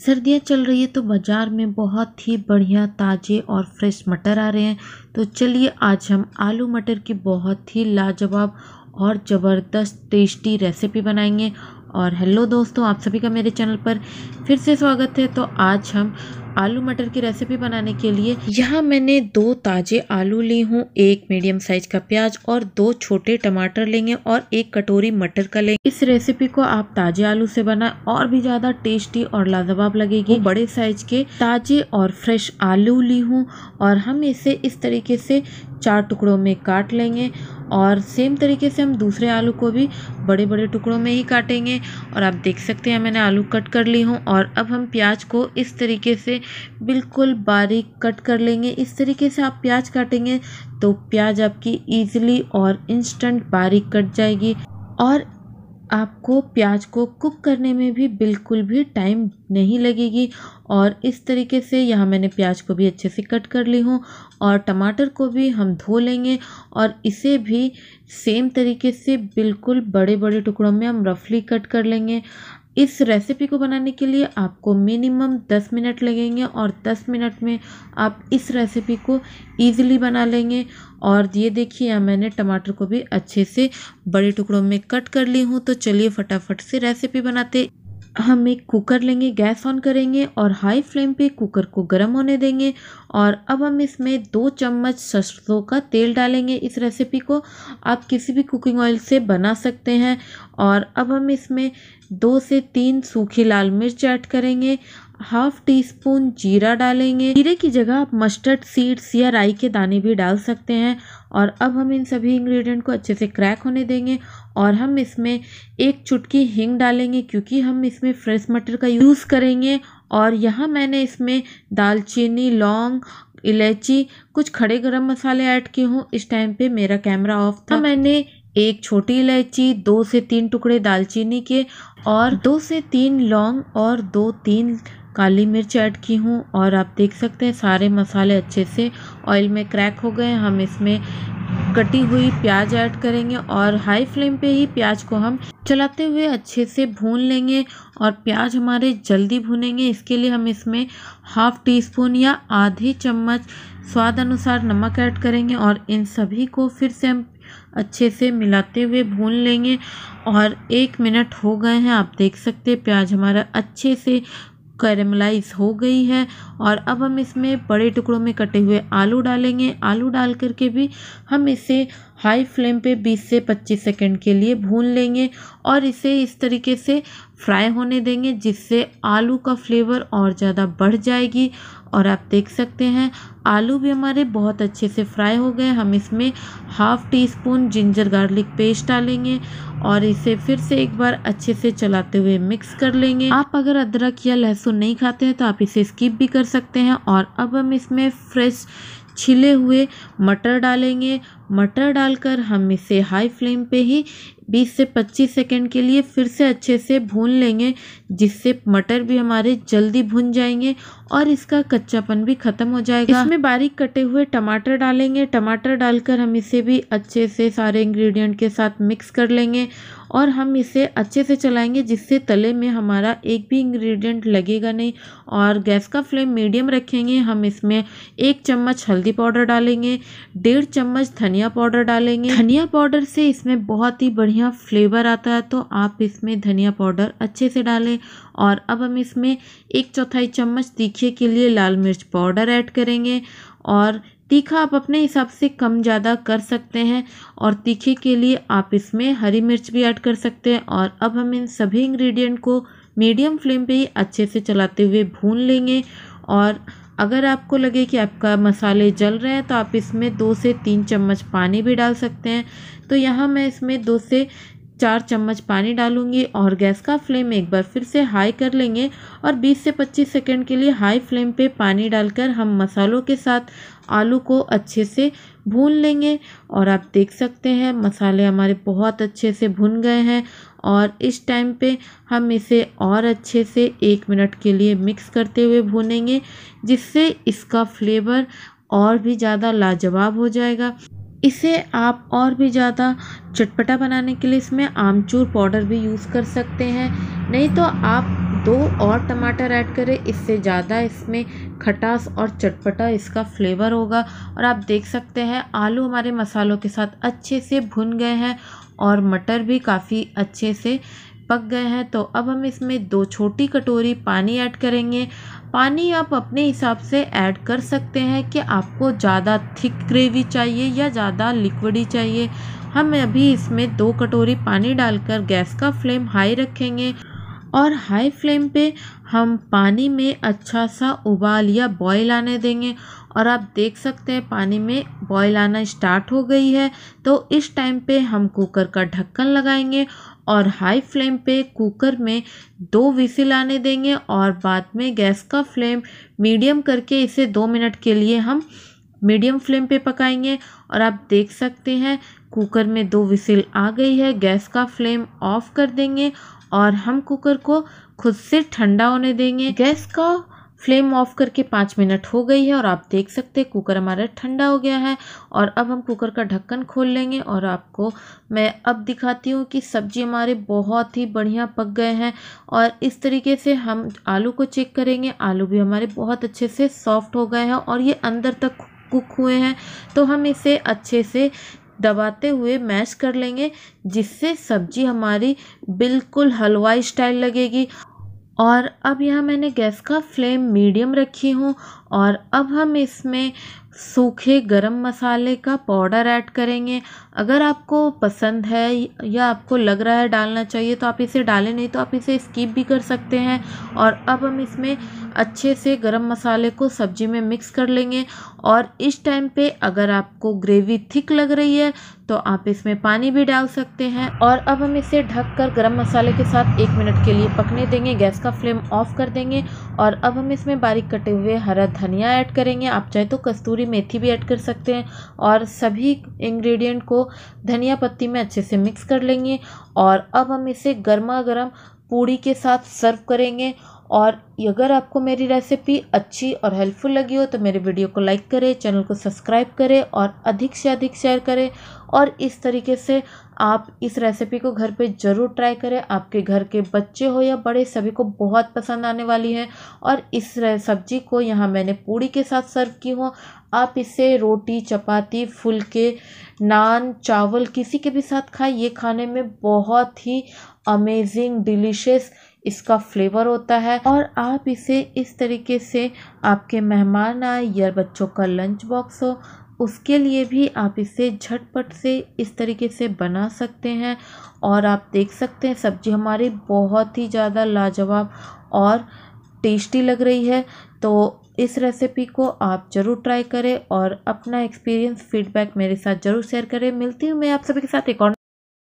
सर्दियाँ चल रही है तो बाज़ार में बहुत ही बढ़िया ताज़े और फ्रेश मटर आ रहे हैं तो चलिए आज हम आलू मटर की बहुत ही लाजवाब और ज़बरदस्त टेस्टी रेसिपी बनाएंगे और हेलो दोस्तों आप सभी का मेरे चैनल पर फिर से स्वागत है तो आज हम आलू मटर की रेसिपी बनाने के लिए यहाँ मैंने दो ताज़े आलू ली हूँ एक मीडियम साइज का प्याज और दो छोटे टमाटर लेंगे और एक कटोरी मटर का लेंगे इस रेसिपी को आप ताज़े आलू से बनाएं और भी ज़्यादा टेस्टी और लाजवाब लगेगी बड़े साइज के ताज़े और फ्रेश आलू ली हूँ और हम इसे इस तरीके से चार टुकड़ों में काट लेंगे और सेम तरीके से हम दूसरे आलू को भी बड़े बड़े टुकड़ों में ही काटेंगे और आप देख सकते हैं मैंने आलू कट कर ली हूँ और अब हम प्याज को इस तरीके से बिल्कुल बारीक कट कर लेंगे इस तरीके से आप प्याज काटेंगे तो प्याज आपकी ईजिली और इंस्टेंट बारीक कट जाएगी और आपको प्याज को कुक करने में भी बिल्कुल भी टाइम नहीं लगेगी और इस तरीके से यहाँ मैंने प्याज को भी अच्छे से कट कर ली हूँ और टमाटर को भी हम धो लेंगे और इसे भी सेम तरीके से बिल्कुल बड़े बड़े टुकड़ों में हम रफली कट कर लेंगे इस रेसिपी को बनाने के लिए आपको मिनिमम दस मिनट लगेंगे और दस मिनट में आप इस रेसिपी को ईज़िली बना लेंगे और ये देखिए यहाँ मैंने टमाटर को भी अच्छे से बड़े टुकड़ों में कट कर ली हूँ तो चलिए फटाफट से रेसिपी बनाते हम एक कुकर लेंगे गैस ऑन करेंगे और हाई फ्लेम पे कुकर को गर्म होने देंगे और अब हम इसमें दो चम्मच सरसों का तेल डालेंगे इस रेसिपी को आप किसी भी कुकिंग ऑयल से बना सकते हैं और अब हम इसमें दो से तीन सूखी लाल मिर्च ऐड करेंगे हाफ टी स्पून जीरा डालेंगे जीरे की जगह आप मस्टर्ड सीड्स या राई के दाने भी डाल सकते हैं और अब हम इन सभी इंग्रेडिएंट को अच्छे से क्रैक होने देंगे और हम इसमें एक चुटकी हींग डालेंगे क्योंकि हम इसमें फ्रेश मटर का यूज़ करेंगे और यहाँ मैंने इसमें दालचीनी लौंग इलायची कुछ खड़े गरम मसाले ऐड किए हूँ इस टाइम पे मेरा कैमरा ऑफ था मैंने एक छोटी इलायची दो से तीन टुकड़े दालचीनी के और दो से तीन लौंग और दो तीन काली मिर्च ऐड की हूँ और आप देख सकते हैं सारे मसाले अच्छे से ऑयल में क्रैक हो गए हम इसमें कटी हुई प्याज ऐड करेंगे और हाई फ्लेम पे ही प्याज को हम चलाते हुए अच्छे से भून लेंगे और प्याज हमारे जल्दी भुनेंगे इसके लिए हम इसमें हाफ टी स्पून या आधी चम्मच स्वाद अनुसार नमक ऐड करेंगे और इन सभी को फिर से हम अच्छे से मिलाते हुए भून लेंगे और एक मिनट हो गए हैं आप देख सकते हैं प्याज हमारा अच्छे से कैरेमलाइज हो गई है और अब हम इसमें बड़े टुकड़ों में कटे हुए आलू डालेंगे आलू डाल करके भी हम इसे हाई फ्लेम पे 20 से 25 सेकंड के लिए भून लेंगे और इसे इस तरीके से फ्राई होने देंगे जिससे आलू का फ्लेवर और ज़्यादा बढ़ जाएगी और आप देख सकते हैं आलू भी हमारे बहुत अच्छे से फ्राई हो गए हम इसमें half teaspoon ginger garlic paste डालेंगे और इसे फिर से एक बार अच्छे से चलाते हुए मिक्स कर लेंगे आप अगर अदरक या लहसुन नहीं खाते हैं तो आप इसे स्किप भी कर सकते हैं और अब हम इसमें फ्रेश छिले हुए मटर डालेंगे मटर डालकर हम इसे हाई फ्लेम पे ही 20 से 25 सेकंड के लिए फिर से अच्छे से भून लेंगे जिससे मटर भी हमारे जल्दी भुन जाएंगे और इसका कच्चापन भी ख़त्म हो जाएगा इसमें बारीक कटे हुए टमाटर डालेंगे टमाटर डालकर हम इसे भी अच्छे से सारे इंग्रेडिएंट के साथ मिक्स कर लेंगे और हम इसे अच्छे से चलाएंगे जिससे तले में हमारा एक भी इंग्रेडिएंट लगेगा नहीं और गैस का फ्लेम मीडियम रखेंगे हम इसमें एक चम्मच हल्दी पाउडर डालेंगे डेढ़ चम्मच धन धनिया पाउडर डालेंगे धनिया पाउडर से इसमें बहुत ही बढ़िया फ्लेवर आता है तो आप इसमें धनिया पाउडर अच्छे से डालें और अब हम इसमें एक चौथाई चम्मच तीखे के लिए लाल मिर्च पाउडर ऐड करेंगे और तीखा आप अपने हिसाब से कम ज़्यादा कर सकते हैं और तीखे के लिए आप इसमें हरी मिर्च भी ऐड कर सकते हैं और अब हम इन सभी इंग्रेडिएंट को मीडियम फ्लेम पे ही अच्छे से चलाते हुए भून लेंगे और अगर आपको लगे कि आपका मसाले जल रहे हैं तो आप इसमें दो से तीन चम्मच पानी भी डाल सकते हैं तो यहाँ मैं इसमें दो से चार चम्मच पानी डालूंगी और गैस का फ्लेम एक बार फिर से हाई कर लेंगे और 20 से 25 सेकंड के लिए हाई फ्लेम पे पानी डालकर हम मसालों के साथ आलू को अच्छे से भून लेंगे और आप देख सकते हैं मसाले हमारे बहुत अच्छे से भुन गए हैं और इस टाइम पे हम इसे और अच्छे से एक मिनट के लिए मिक्स करते हुए भूनेंगे जिससे इसका फ्लेवर और भी ज़्यादा लाजवाब हो जाएगा इसे आप और भी ज़्यादा चटपटा बनाने के लिए इसमें आमचूर पाउडर भी यूज़ कर सकते हैं नहीं तो आप दो और टमाटर ऐड करें इससे ज़्यादा इसमें खटास और चटपटा इसका फ्लेवर होगा और आप देख सकते हैं आलू हमारे मसालों के साथ अच्छे से भुन गए हैं और मटर भी काफ़ी अच्छे से पक गए हैं तो अब हम इसमें दो छोटी कटोरी पानी ऐड करेंगे पानी आप अपने हिसाब से ऐड कर सकते हैं कि आपको ज़्यादा थिक ग्रेवी चाहिए या ज़्यादा लिक्विडी चाहिए हम अभी इसमें दो कटोरी पानी डालकर गैस का फ्लेम हाई रखेंगे और हाई फ्लेम पे हम पानी में अच्छा सा उबाल या बॉयल आने देंगे और आप देख सकते हैं पानी में बॉयल आना स्टार्ट हो गई है तो इस टाइम पे हम कुकर का ढक्कन लगाएंगे और हाई फ्लेम पे कुकर में दो विसिल आने देंगे और बाद में गैस का फ्लेम मीडियम करके इसे दो मिनट के लिए हम मीडियम फ्लेम पे पकाएंगे और आप देख सकते हैं कुकर में दो विसिल आ गई है गैस का फ्लेम ऑफ कर देंगे और हम कुकर को खुद से ठंडा होने देंगे गैस का फ्लेम ऑफ करके पाँच मिनट हो गई है और आप देख सकते हैं कुकर हमारा ठंडा हो गया है और अब हम कुकर का ढक्कन खोल लेंगे और आपको मैं अब दिखाती हूँ कि सब्जी हमारे बहुत ही बढ़िया पक गए हैं और इस तरीके से हम आलू को चेक करेंगे आलू भी हमारे बहुत अच्छे से सॉफ्ट हो गए हैं और ये अंदर तक कुक हुए हैं तो हम इसे अच्छे से दबाते हुए मैश कर लेंगे जिससे सब्जी हमारी बिल्कुल हलवाई स्टाइल लगेगी और अब यहाँ मैंने गैस का फ्लेम मीडियम रखी हूँ और अब हम इसमें सूखे गरम मसाले का पाउडर ऐड करेंगे अगर आपको पसंद है या आपको लग रहा है डालना चाहिए तो आप इसे डालें नहीं तो आप इसे स्किप भी कर सकते हैं और अब हम इसमें अच्छे से गरम मसाले को सब्जी में मिक्स कर लेंगे और इस टाइम पे अगर आपको ग्रेवी थिक लग रही है तो आप इसमें पानी भी डाल सकते हैं और अब हम इसे ढक कर गर्म मसाले के साथ एक मिनट के लिए पकने देंगे गैस का फ्लेम ऑफ कर देंगे और अब हम इसमें बारीक कटे हुए हरा धनिया ऐड करेंगे आप चाहे तो कस्तूरी थोड़ी मेथी भी ऐड कर सकते हैं और सभी इंग्रेडिएंट को धनिया पत्ती में अच्छे से मिक्स कर लेंगे और अब हम इसे गर्मा गर्म पूड़ी के साथ सर्व करेंगे और अगर आपको मेरी रेसिपी अच्छी और हेल्पफुल लगी हो तो मेरे वीडियो को लाइक करें चैनल को सब्सक्राइब करें और अधिक से अधिक शेयर करें और इस तरीके से आप इस रेसिपी को घर पे ज़रूर ट्राई करें आपके घर के बच्चे हो या बड़े सभी को बहुत पसंद आने वाली है और इस सब्जी को यहाँ मैंने पूड़ी के साथ सर्व की हो आप इसे रोटी चपाती फुलके नान चावल किसी के भी साथ खाएं ये खाने में बहुत ही अमेजिंग डिलीशियस इसका फ्लेवर होता है और आप इसे इस तरीके से आपके मेहमान आए या बच्चों का लंच बॉक्स हो उसके लिए भी आप इसे झटपट से इस तरीके से बना सकते हैं और आप देख सकते हैं सब्ज़ी हमारी बहुत ही ज़्यादा लाजवाब और टेस्टी लग रही है तो इस रेसिपी को आप ज़रूर ट्राई करें और अपना एक्सपीरियंस फीडबैक मेरे साथ ज़रूर शेयर करें मिलती हूँ मैं आप सभी के साथ एक और